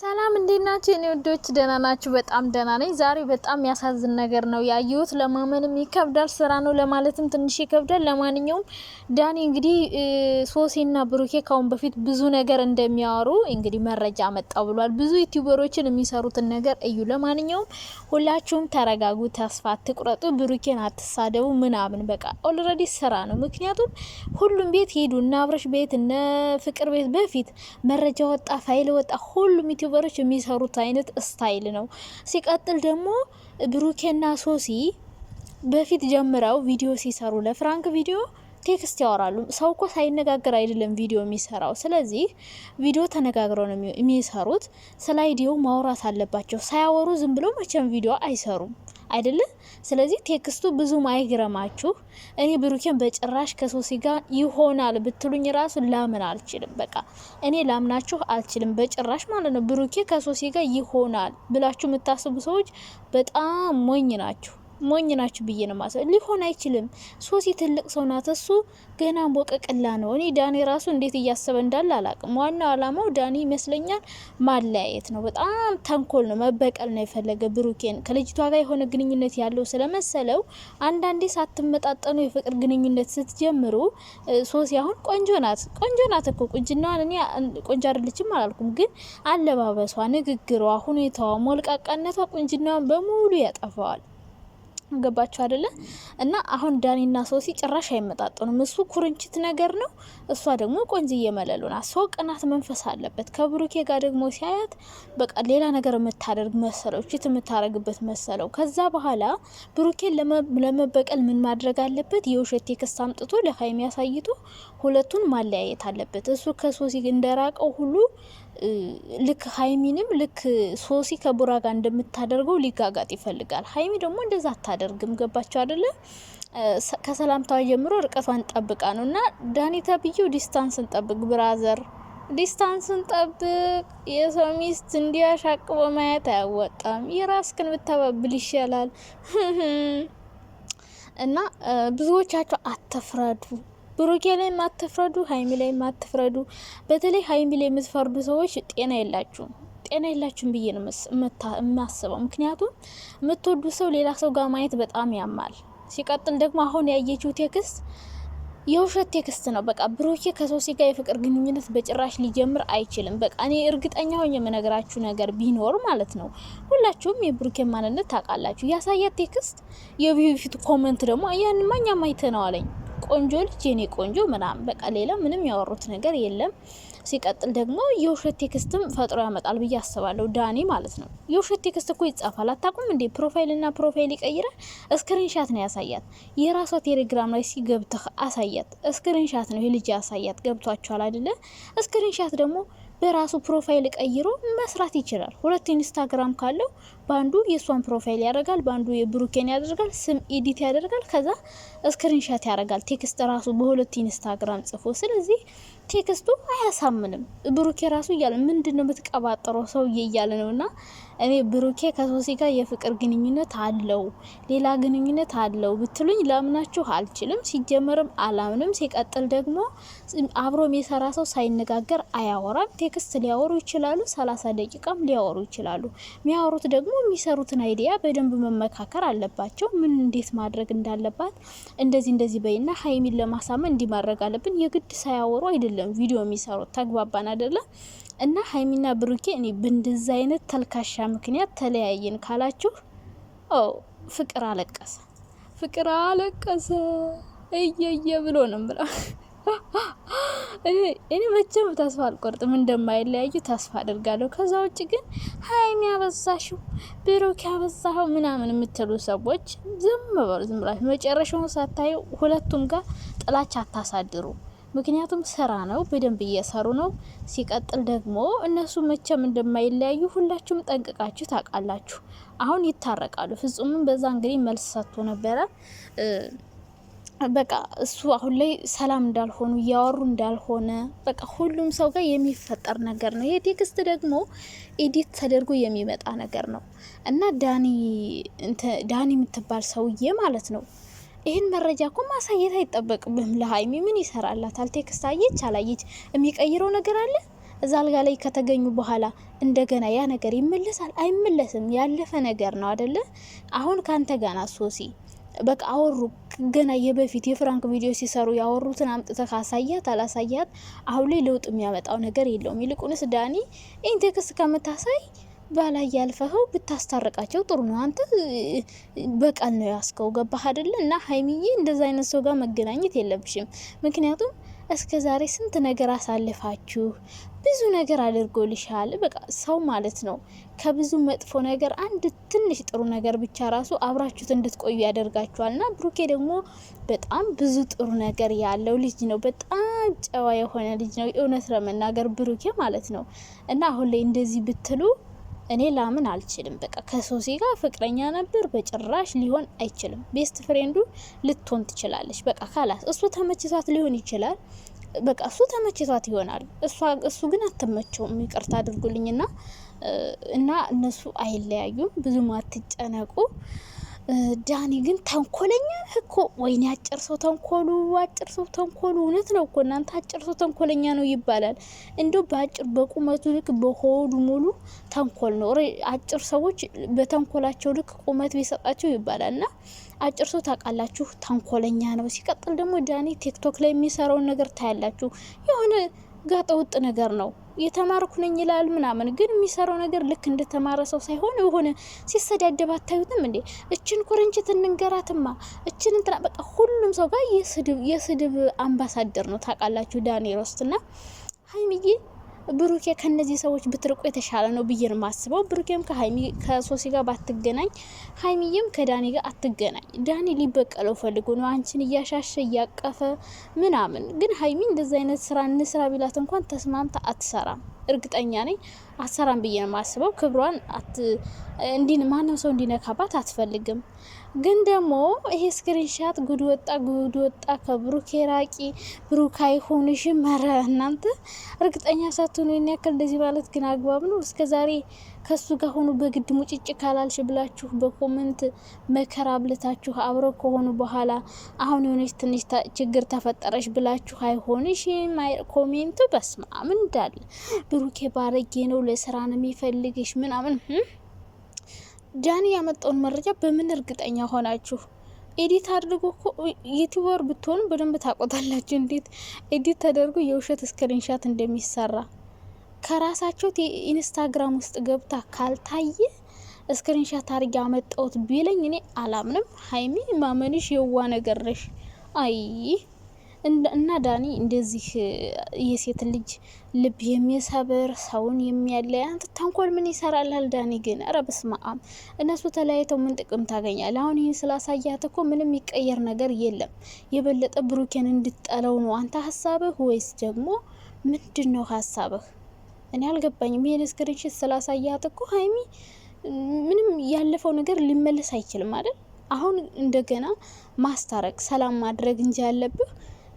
ሰላም እንዴት ናችሁ የኔ ወዶች? ደህና ናችሁ? በጣም ደህና ነኝ። ዛሬ በጣም ያሳዝን ነገር ነው ያየሁት። ለማመንም ይከብዳል፣ ስራ ነው ለማለትም ትንሽ ይከብዳል። ለማንኛውም ዳኒ እንግዲህ ሶሲና ብሩኬ ካሁን በፊት ብዙ ነገር እንደሚያወሩ እንግዲህ መረጃ መጣ ብሏል። ብዙ ዩቲዩበሮችን የሚሰሩትን ነገር እዩ። ለማንኛውም ሁላችሁም ተረጋጉ፣ ተስፋ አትቁረጡ፣ ብሩኬን አትሳደቡ ምናምን። በቃ ኦልሬዲ ስራ ነው። ምክንያቱም ሁሉም ቤት ሄዱ፣ እና አብረሽ ቤት እነ ፍቅር ቤት በፊት መረጃ ወጣ፣ ፋይል ወጣ፣ ሁሉም ዩቲዩበሮች የሚሰሩት አይነት ስታይል ነው። ሲቀጥል ደግሞ ብሩኬና ሶሲ በፊት ጀምረው ቪዲዮ ሲሰሩ ለፍራንክ ቪዲዮ ቴክስት ያወራሉ። ሰው እኮ ሳይነጋገር አይደለም ቪዲዮ የሚሰራው። ስለዚህ ቪዲዮ ተነጋግረው ነው የሚሰሩት። ስለ አይዲዮ ማውራት አለባቸው። ሳያወሩ ዝም ብሎ መቼም ቪዲዮ አይሰሩም። አይደለ? ስለዚህ ቴክስቱ ብዙ ማይግረማችሁ። እኔ ብሩኬን በጭራሽ ከሶሲ ጋር ይሆናል ብትሉኝ ራሱ ላምን አልችልም። በቃ እኔ ላምናችሁ አልችልም በጭራሽ ማለት ነው። ብሩኬ ከሶሲ ጋር ይሆናል ብላችሁ የምታስቡ ሰዎች በጣም ሞኝ ናችሁ። ሞኝ ናችሁ ብዬ ነው ማሰብ። ሊሆን አይችልም። ሶሲ ትልቅ ሰው ናት። እሱ ገና ቦቀቅላ ነው። እኔ ዳኒ ራሱ እንዴት እያሰበ እንዳለ አላቅም። ዋናው አላማው ዳኒ ይመስለኛል ማለያየት ነው። በጣም ተንኮል ነው፣ መበቀል ነው የፈለገ ብሩኬን ከልጅቷ ጋር የሆነ ግንኙነት ያለው ስለመሰለው አንዳንዴ ሳትመጣጠኑ የፍቅር ግንኙነት ስትጀምሩ ሶሲ አሁን ቆንጆ ናት። ቆንጆ ናት እኮ ቁንጅናዋን እኔ ቆንጆ አይደለችም አላልኩም፣ ግን አለባበሷ፣ ንግግሯ፣ ሁኔታዋ፣ ሞልቃቃነቷ ቁንጅናዋን በሙሉ ያጠፋዋል። ገባችሁ አይደለ? እና አሁን ዳኒና ሶሲ ጭራሽ አይመጣጠኑም። እሱ ኩርንችት ነገር ነው፣ እሷ ደግሞ ቆንጅዬ እየመለሉ ናት። ሰው ቅናት መንፈስ አለበት። ከብሩኬ ጋር ደግሞ ሲያያት በቃ ሌላ ነገር የምታደርግ መሰለው፣ ችት የምታደርግበት መሰለው። ከዛ በኋላ ብሩኬን ለመበቀል ምን ማድረግ አለበት? የውሸት ክስ አምጥቶ ለሀይሚ አሳይቶ ሁለቱን ማለያየት አለበት። እሱ ከሶሲ እንደራቀው ሁሉ ልክ ሀይሚንም ልክ ሶሲ ከቡራ ጋር እንደምታደርገው ሊጋጋጥ ይፈልጋል። ሀይሚ ደግሞ እንደዛ አታደርግም። ገባቸው አይደለም? ከሰላምታዋ ጀምሮ ርቀቷን ጠብቃ ነው እና ዳኒ ተብዬው ዲስታንስን ጠብቅ ብራዘር፣ ዲስታንስን ጠብቅ። የሰው ሚስት እንዲያሻቅቦ ማየት አያወጣም። የራስክን ብታባብል ይሻላል እና ብዙዎቻቸው አተፍረዱ። ብሩኬ ላይ ማትፍረዱ፣ ሀይሚ ላይ ማትፍረዱ። በተለይ ሀይሚ ላይ የምትፈርዱ ሰዎች ጤና የላችሁም፣ ጤና የላችሁም ብዬ ነው የማስበው። ምክንያቱም የምትወዱ ሰው ሌላ ሰው ጋር ማየት በጣም ያማል። ሲቀጥል ደግሞ አሁን ያየችው ቴክስት የውሸት ቴክስት ነው። በቃ ብሩኬ ከሶሲ ጋር የፍቅር ግንኙነት በጭራሽ ሊጀምር አይችልም። በቃ እኔ እርግጠኛ ሆኜ የምነግራችሁ ነገር ቢኖር ማለት ነው ሁላችሁም የብሩኬ ማንነት ታውቃላችሁ። ያሳያት ቴክስት የበፊቱ ኮመንት ደግሞ ያንማኛ አይተነዋለኝ ቆንጆ ልጅ የኔ ቆንጆ ምናምን በቃ ሌላ ምንም ያወሩት ነገር የለም። ሲቀጥል ደግሞ የውሸት ቴክስትም ፈጥሮ ያመጣል ብዬ አስባለሁ፣ ዳኒ ማለት ነው። የውሸት ቴክስት እኮ ይጻፋል፣ አታቁም እንዴ? ፕሮፋይልና ፕሮፋይል ይቀይራል። እስክሪንሻት ነው ያሳያት። የራሷ ቴሌግራም ላይ ሲገብተህ አሳያት፣ እስክሪንሻት ነው ልጅ ያሳያት። ገብቷቸዋል አይደለ? እስክሪንሻት ደግሞ በራሱ ፕሮፋይል ቀይሮ መስራት ይችላል። ሁለት ኢንስታግራም ካለው በአንዱ የእሷን ፕሮፋይል ያደርጋል፣ በአንዱ የብሩኬን ያደርጋል፣ ስም ኤዲት ያደርጋል፣ ከዛ ስክሪንሻት ያደርጋል። ቴክስት ራሱ በሁለት ኢንስታግራም ጽፎ። ስለዚህ ቴክስቱ አያሳምንም። ብሩኬ ራሱ እያለ ምንድን ነው የምትቀባጠረው ሰውዬ እያለ ነው። እና እኔ ብሩኬ ከሶሲ ጋር የፍቅር ግንኙነት አለው ሌላ ግንኙነት አለው ብትሉኝ ላምናችሁ አልችልም። ሲጀመርም አላምንም። ሲቀጥል ደግሞ አብሮ የሚሰራ ሰው ሳይነጋገር አያወራም። ቴክስት ሊያወሩ ይችላሉ፣ ሰላሳ ደቂቃም ሊያወሩ ይችላሉ። የሚያወሩት ደግሞ ደግሞ የሚሰሩትን አይዲያ በደንብ መመካከር አለባቸው። ምን እንዴት ማድረግ እንዳለባት እንደዚህ እንደዚህ በይና ሀይሚን ለማሳመን እንዲማድረግ አለብን። የግድ ሳያወሩ አይደለም ቪዲዮ የሚሰሩት። ተግባባን አይደለም? እና ሀይሚና ብሩኬ እኔ በእንደዚ አይነት ተልካሻ ምክንያት ተለያየን ካላችሁ ፍቅር አለቀሰ ፍቅር አለቀሰ እየየ ብሎ ነው ብላ እኔ መቼም ተስፋ አልቆርጥም እንደማይለያዩ ተስፋ አድርጋለሁ። ከዛ ውጭ ግን ሀይሚ ያበዛሽው፣ ብሩክ ያበዛው ምናምን የምትሉ ሰዎች ዝም በሉ። ዝም ብላችሁ መጨረሻውን ሳታዩ ሁለቱም ጋር ጥላች አታሳድሩ። ምክንያቱም ስራ ነው፣ በደንብ እየሰሩ ነው። ሲቀጥል ደግሞ እነሱ መቼም እንደማይለያዩ ሁላችሁም ጠንቅቃችሁ ታውቃላችሁ። አሁን ይታረቃሉ። ፍጹምም በዛ እንግዲህ መልስ ሰጥቶ ነበረ። በቃ እሱ አሁን ላይ ሰላም እንዳልሆኑ እያወሩ እንዳልሆነ በቃ ሁሉም ሰው ጋር የሚፈጠር ነገር ነው። የቴክስት ደግሞ ኤዲት ተደርጎ የሚመጣ ነገር ነው እና ዳኒ የምትባል ሰውዬ ማለት ነው ይህን መረጃ እኮ ማሳየት አይጠበቅብም። ለሀይሚ ምን ይሰራላታል? ቴክስት አየች አላየች የሚቀይረው ነገር አለ? እዛ አልጋ ላይ ከተገኙ በኋላ እንደገና ያ ነገር ይመለሳል አይመለስም? ያለፈ ነገር ነው አደለ? አሁን ካንተ ጋና ሶሲ በቃ አወሩ። ገና የበፊት የፍራንክ ቪዲዮ ሲሰሩ ያወሩትን አምጥተ ካሳያት አላሳያት አሁን ላይ ለውጥ የሚያመጣው ነገር የለውም። ይልቁንስ ዳኒ ኢንቴክስ ከምታሳይ ባላይ ያልፈኸው ብታስታርቃቸው ጥሩ ነው። አንተ በቀል ነው ያስከው ገባህ አደለ? እና ሀይሚዬ እንደዛ አይነት ሰው ጋር መገናኘት የለብሽም ምክንያቱም እስከ ዛሬ ስንት ነገር አሳልፋችሁ ብዙ ነገር አድርጎልሻል። በቃ ሰው ማለት ነው ከብዙ መጥፎ ነገር አንድ ትንሽ ጥሩ ነገር ብቻ ራሱ አብራችሁት እንድትቆዩ ያደርጋችኋል። እና ብሩኬ ደግሞ በጣም ብዙ ጥሩ ነገር ያለው ልጅ ነው። በጣም ጨዋ የሆነ ልጅ ነው። የእውነት ለመናገር ብሩኬ ማለት ነው እና አሁን ላይ እንደዚህ ብትሉ እኔ ላምን አልችልም። በቃ ከሶሲ ጋር ፍቅረኛ ነበር በጭራሽ ሊሆን አይችልም። ቤስት ፍሬንዱ ልትሆን ትችላለች። በቃ ካላስ እሱ ተመችቷት ሊሆን ይችላል። በቃ እሱ ተመችቷት ይሆናል። እሱ ግን አትመቸውም። ይቅርታ አድርጉልኝና እና እነሱ አይለያዩም። ብዙም አትጨነቁ። ዳኒ ግን ተንኮለኛ እኮ ወይኔ፣ አጭር ሰው ተንኮሉ፣ አጭር ሰው ተንኮሉ። እውነት ነው እኮ እናንተ፣ አጭር ሰው ተንኮለኛ ነው ይባላል። እንዲሁ በአጭር በቁመቱ ልክ በሆዱ ሙሉ ተንኮል ነው። አጭር ሰዎች በተንኮላቸው ልክ ቁመት ቢሰጣቸው ይባላል። እና አጭር ሰው ታውቃላችሁ፣ ተንኮለኛ ነው። ሲቀጥል ደግሞ ዳኒ ቲክቶክ ላይ የሚሰራውን ነገር ታያላችሁ። የሆነ ጋጠ ነገር ነው የተማርኩ ነኝ ይላል ምናምን፣ ግን የሚሰራው ነገር ልክ እንደተማረ ሰው ሳይሆን የሆነ ሲሰዳደብ አታዩትም እንዴ? እችን ኮረንችት እንንገራትማ እችን እንትና በቃ ሁሉም ሰው ጋር የስድብ አምባሳደር ነው ታውቃላችሁ። ዳኔ ሮስትና ሀይሚዬ ብሩኬ ከነዚህ ሰዎች ብትርቁ የተሻለ ነው ብዬ ነው የማስበው። ብሩኬም ከሀይሚ ከሶሲ ጋር ባትገናኝ፣ ሀይሚም ከዳኒ ጋር አትገናኝ። ዳኒ ሊበቀለው ፈልጎ ነው አንቺን እያሻሸ እያቀፈ ምናምን። ግን ሀይሚ እንደዚ አይነት ስራ እንስራ ቢላት እንኳን ተስማምታ አትሰራም። እርግጠኛ ነኝ አትሰራም ብዬ ነው የማስበው። ክብሯን እንዲ ማንም ሰው እንዲነካባት አትፈልግም። ግን ደግሞ ይሄ ስክሪንሻት ጉድ ወጣ ጉድ ወጣ፣ ከብሩክ የራቂ ብሩክ አይሆንሽም። መረ እናንተ እርግጠኛ ሳትሆኑ ይህን ያክል እንደዚህ ማለት ግን አግባብ ነው? እስከ ዛሬ ከሱ ጋር ሆኑ በግድ ሙጭጭ ካላልሽ ብላችሁ በኮመንት መከራ ብልታችሁ አብረ ከሆኑ በኋላ አሁን የሆነች ትንሽ ችግር ተፈጠረች ብላችሁ አይሆንሽም ኮሜንቱ በስማም እንዳለ ብሩክ ባረጌ ነው፣ ለስራ ነው የሚፈልግሽ ምናምን ዳኒ ያመጣውን መረጃ በምን እርግጠኛ ሆናችሁ? ኤዲት አድርጎ እኮ ዩቲዩበር ብትሆኑ በደንብ ታቆታላችሁ። እንዴት ኤዲት ተደርጎ የውሸት ስክሪንሻት እንደሚሰራ ከራሳቸው ኢንስታግራም ውስጥ ገብታ ካልታየ ስክሪንሻት አድርጌ አመጣውት ቢለኝ እኔ አላምንም። ሀይሚ ማመንሽ የዋ ነገር ነሽ። አይ እና ዳኒ እንደዚህ የሴት ልጅ ልብ የሚሰብር ሰውን የሚያለይ አንተ ተንኮል ምን ይሰራልሃል? ዳኒ ግን ኧረ በስመ አብ እነሱ ተለያይተው ምን ጥቅም ታገኛል? አሁን ይህን ስላሳያት እኮ ምንም ይቀየር ነገር የለም። የበለጠ ብሩኬን እንድጠለው ነው አንተ ሀሳብህ ወይስ ደግሞ ምንድን ነው ሀሳብህ? እኔ አልገባኝም። ይህን ስክሪንሽት ስላሳያት እኮ ሀይሚ ምንም ያለፈው ነገር ሊመለስ አይችልም አይደል? አሁን እንደገና ማስታረቅ ሰላም ማድረግ እንጂ ያለብህ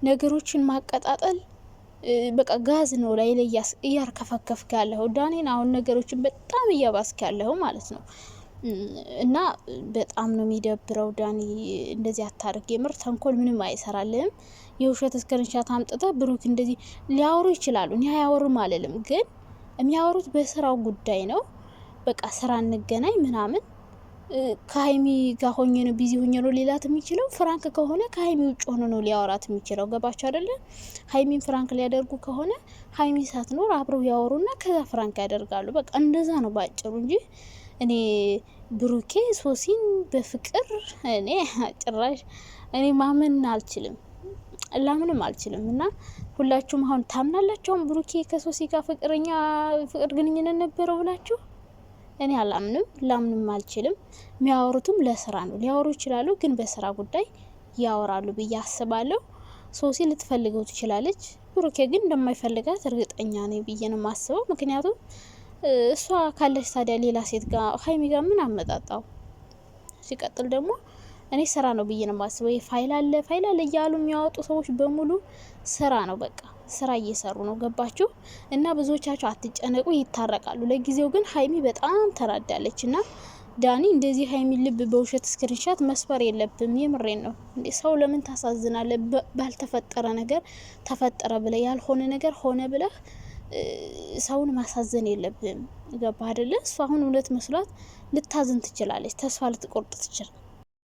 ነገሮችን ማቀጣጠል በቃ ጋዝ ነው ላይ ላይ እያርከፈከፍክ ያለኸው ዳኔን። አሁን ነገሮችን በጣም እያባስክ ያለሁ ማለት ነው። እና በጣም ነው የሚደብረው ዳኒ። እንደዚህ አታርግ። የምር ተንኮል ምንም አይሰራልም። የውሸት እስክሪንሻት አምጥተህ ብሩክ እንደዚህ ሊያወሩ ይችላሉ። እኔ አያወሩም አለልም፣ ግን የሚያወሩት በስራው ጉዳይ ነው። በቃ ስራ እንገናኝ ምናምን ከሀይሚ ጋር ሆኜ ነው ቢዚ ሆኜ ነው ሌላት የሚችለው። ፍራንክ ከሆነ ከሀይሚ ውጭ ሆኖ ነው ሊያወራት የሚችለው። ገባቸው አይደለ? ሀይሚን ፍራንክ ሊያደርጉ ከሆነ ሀይሚ ሳትኖር አብረው ያወሩና ከዛ ፍራንክ ያደርጋሉ። በቃ እንደዛ ነው ባጭሩ እንጂ እኔ ብሩኬ ሶሲን በፍቅር እኔ ጭራሽ እኔ ማመን አልችልም ላምንም አልችልም። እና ሁላችሁም አሁን ታምናላችሁ ብሩኬ ከሶሲ ጋር ፍቅረኛ ፍቅር ግንኙነት ነበረው ብላችሁ እኔ አላምንም፣ ላምንም አልችልም። የሚያወሩትም ለስራ ነው። ሊያወሩ ይችላሉ፣ ግን በስራ ጉዳይ ያወራሉ ብዬ አስባለሁ። ሶሲ ልትፈልገው ትችላለች። ብሩኬ ግን እንደማይፈልጋት እርግጠኛ ነኝ ብዬ ነው የማስበው። ምክንያቱም እሷ ካለች ታዲያ ሌላ ሴት ጋር ሀይሚ ጋር ምን አመጣጣው? ሲቀጥል ደግሞ እኔ ስራ ነው ብዬ ነው የማስበው። ፋይል አለ ፋይል አለ እያሉ የሚያወጡ ሰዎች በሙሉ ስራ ነው በቃ ስራ እየሰሩ ነው። ገባችሁ? እና ብዙዎቻችሁ አትጨነቁ፣ ይታረቃሉ። ለጊዜው ግን ሀይሚ በጣም ተናዳለች እና ዳኒ እንደዚህ ሀይሚ ልብ በውሸት እስክሪንሻት መስበር የለብም። የምሬን ነው። ሰው ለምን ታሳዝናለ? ባልተፈጠረ ነገር ተፈጠረ ብለ ያልሆነ ነገር ሆነ ብለህ ሰውን ማሳዘን የለብም። ገባ አደለ? እሱ አሁን እውነት መስሏት ልታዝን ትችላለች። ተስፋ ልትቆርጥ ትችላል።